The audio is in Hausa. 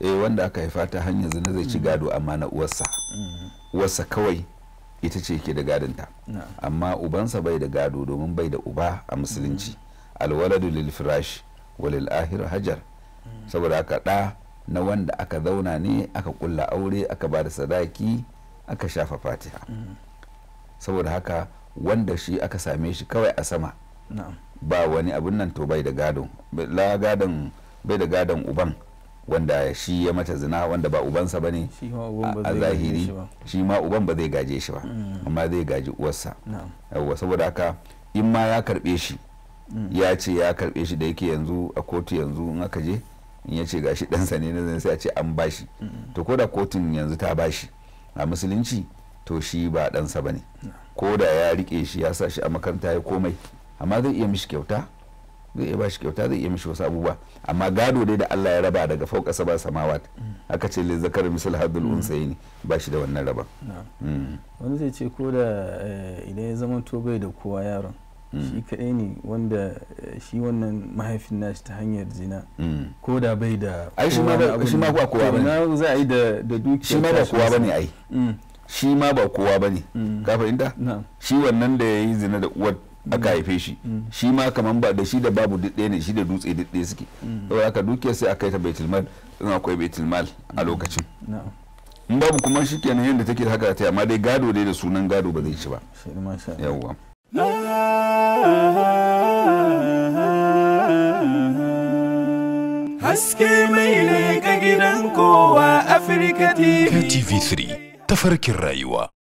eh wanda aka haifa ta hanyar zina zai ci mm. gado amma na uwarsa mm-hmm. uwarsa kawai ita ce ke da gadonta amma ubansa bai da gado domin bai da uba a musulunci mm. alwaladu lil firash walil ahir hajar mm. saboda aka ɗa na wanda aka zauna ne aka kulla aure aka ba da sadaki aka shafa fatiha saboda haka wanda shi aka same shi kawai a sama ba wani abin nan to bai da gadon bai da gadon uban wanda shi ya mata zina wanda ba ubansa ba ne a zahiri shi ma uban ba zai gaje shi ba mm. amma zai gaji uwarsa yawwa saboda haka in ma ya karbe shi mm. ya ce ya karbe shi da yake yanzu a kotu yanzu in aka je in ya ce gashi ɗansa ne na sai a ce an bashi mm. to ko da kotun yanzu ta bashi a musulunci to shi ba ɗansa ba ne ko da ya rike shi ya sa shi a makaranta ya komai amma zai iya mishi kyauta zai iya bashi kyauta zai iya mishi wasu abubuwa amma gado dai da Allah ya raba daga fauka saba samawat aka ce le zakar misal hadul hmm. unsayi ba shi da wannan raba. Hmm. wani zai ce ko da eh, idan ya zama to bai da kowa yaron hmm. shi kaɗai ne wanda eh, shi wannan mahaifin nashi ta hanyar zina ko da bai da ai shi ma ba kowa bane za a yi da dukiya shi ma ba kowa bane ai shi ma ba kowa bane ka fahimta shi wannan da ya yi zina da uwar aka haife shi shi ma kamar ba da shi da babu duk ɗaya ne shi da dutse duk suke saboda haka dukiyar sai aka yi ta baitulmal ina akwai baitulmal a lokacin in babu kuma shi kenan yadda take haka ta amma dai gado dai da sunan gado ba zai ci ba yawwa haske mai ne ga gidan kowa afirka tv3 tafarkin rayuwa